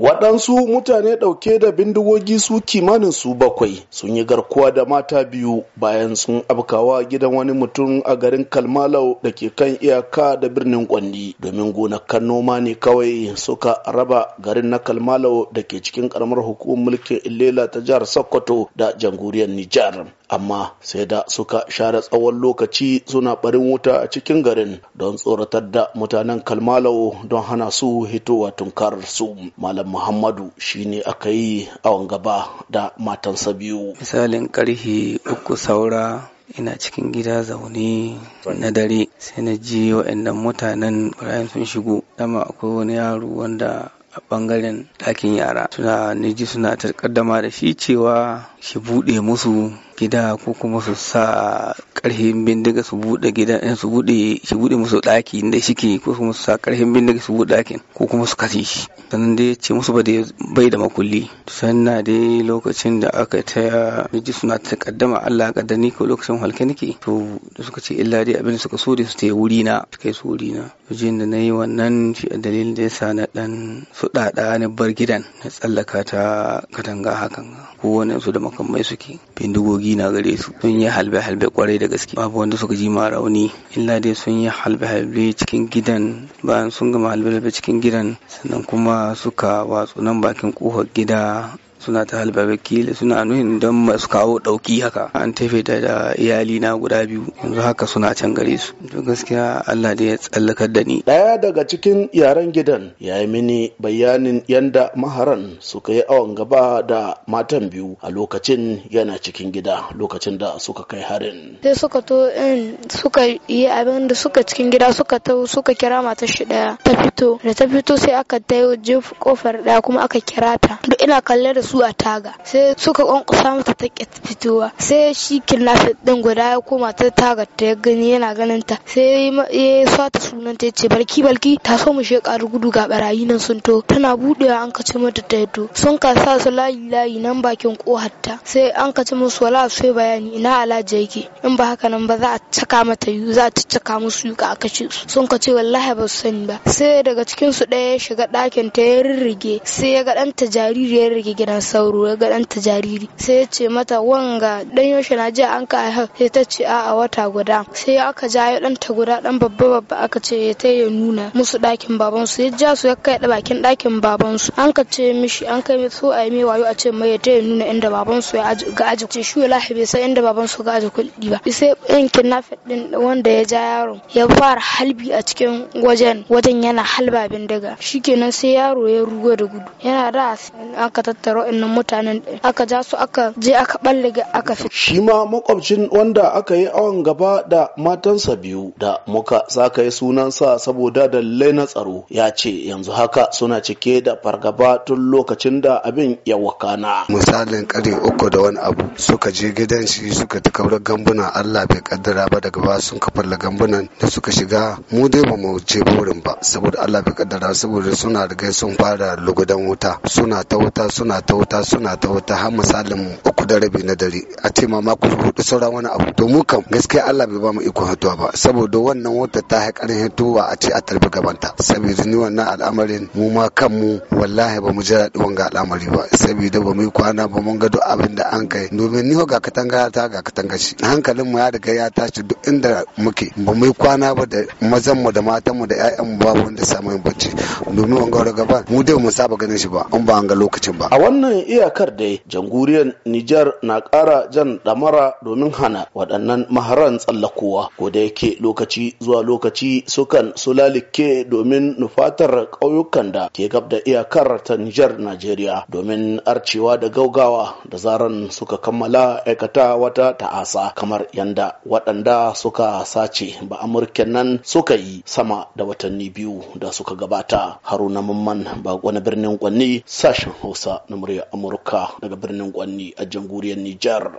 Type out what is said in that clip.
waɗansu mutane ɗauke da bindigogi su kimanin su bakwai sun yi garkuwa da mata biyu bayan sun abkawa gidan wani mutum a garin kalmalau da ke kan iyaka da birnin kwandi domin kan noma ne kawai suka raba garin na kalmalau da ke cikin karamar hukumar mulkin Ilela ta jihar sokoto da jamhuriyar nijar amma sai da suka share tsawon lokaci suna barin wuta a cikin garin don tsoratar da mutanen kalmalau don hana su hitowa tunkar su malam muhammadu shine aka yi awon gaba da matansa biyu misalin karfe uku saura ina cikin gida zaune na dare sai na ji wa'annan mutanen bayan sun shigo dama akwai wani yaro wanda a bangaren ɗakin yara suna ji suna takaddama da shi cewa shi buɗe musu gida ko kuma su sa karhin bindiga su bude gida in eh, su bude shi bude musu daki inda shike ko kuma su sa karhin bindiga su bude dakin ko kuma su kashe shi sannan dai ce musu ba bai da makulli sannan dai lokacin da aka ta miji suna ta kaddama Allah ka ni ko lokacin halke nake to suka ce illa dai abin suka so da su ta wuri na su kai su wuri na jin da nayi wannan shi a dalilin da yasa na dan su dada na bar gidan na tsallaka ta katanga hakan ko wani su da makamai suke bindigogi bindigogi na gare su sun yi halbe-halbe kwarai da gaske babu wanda suka ji ma rauni illa dai sun yi halbe-halbe cikin gidan bayan sun gama halbe-halbe cikin gidan sannan kuma suka watsu nan bakin kofar gida suna ta halba wakil suna nuhin don masu kawo dauki haka an tafe ta da iyali na guda biyu yanzu haka suna can gare su to gaskiya Allah da ya tsallakar da ni daya daga cikin yaren gidan ya yi mini bayanin yanda maharan suka yi awon gaba da matan biyu a lokacin yana cikin gida lokacin da suka kai harin sai suka to in suka yi abin da suka cikin gida suka tau suka kira matar shi daya ta fito da ta fito sai aka tayo jef kofar daya kuma aka kira ta duk ina kalle da su a taga sai suka kwankwasa mata ta fitowa sai shi kidnapping din guda ya koma ta taga ta gani yana ganin ta sai ya sata sunan ta ce barki barki ta so mu sheka gudu ga barayi nan sun to tana budewa an kace mata ta yato sun ka sa su layi layi nan bakin koharta sai an kace musu wala sai bayani ina alaji yake in ba haka nan ba za a caka mata yu za a caka musu yuka a kashe su sun kace wallahi ba su sani ba sai daga cikin su ɗaya ya shiga dakin ta ya rirrige sai ya ga ta jariri ya rirrige gidansa sauro ya ga ɗanta jariri sai ya ce mata wanga dan yaushe na jiya an ka haihu sai ta ce a'a wata guda sai aka jayo ɗanta guda ɗan babba babba aka ce ya ta ya nuna musu ɗakin babansu ya ja su ya kai ɗa bakin ɗakin babansu an ka ce mishi an kai so a yi mai wayo a ce mai ya ta ya nuna inda babansu ya ga aji ce shi wallahi bai san inda babansu ga aji kuɗi ba sai ɗan kidnapper ɗin wanda ya ja yaron ya fara halbi a cikin wajen wajen yana halba bindiga shikenan sai yaro ya ruga da gudu yana da aka tattaro wa'annan mutanen aka ja su aka je aka ballage aka fi shi ma makwabcin wanda aka yi awon gaba da matansa biyu da muka saka yi sunansa saboda dalilai na tsaro ya ce yanzu haka suna cike da fargaba tun lokacin da abin ya wakana misalin kare uku da wani abu suka je gidan shi suka ta kaura gambuna Allah bai kaddara ba daga ba sun kafalla gambunan da suka shiga mu dai ba mu je burin ba saboda Allah bai kaddara saboda suna riga sun fara lugudan wuta suna ta wuta suna ta wuta suna ta wuta har misalin uku da rabi na dare a ce ma mako hudu sauran wani abu to mu kam gaskiya Allah bai ba mu iko hatuwa ba saboda wannan wuta ta haƙarin hatuwa a ce a tarbi gabanta saboda ni wannan al'amarin mu ma kanmu wallahi ba mu ji daɗi wanga al'amari ba saboda ba mu yi kwana ba mun gado abin da an kai domin ni ga katanga ta ga katanga shi hankalin mu ya riga ya tashi duk inda muke ba mu yi kwana ba da mazan mu da matan mu da ƴaƴan mu babu wanda samu yin bacci domin wanga gaba mu dai mu saba ganin shi ba an ba an ga lokacin ba a wannan wannan iyakar da jamhuriyar Nijar na ƙara jan ɗamara domin hana waɗannan maharan tsallakowa ko da yake lokaci zuwa lokaci sukan sulalike domin nufatar ƙauyukan da ke gab da iyakar ta Nijar Najeriya domin arcewa da gaugawa da zaran suka kammala aikata wata ta'asa kamar yanda waɗanda suka sace ba amurken nan suka yi sama da watanni biyu da suka gabata haruna mamman ba wani birnin kwanni sashen hausa na murya amurka daga birnin kwanni a jamhuriyar nijar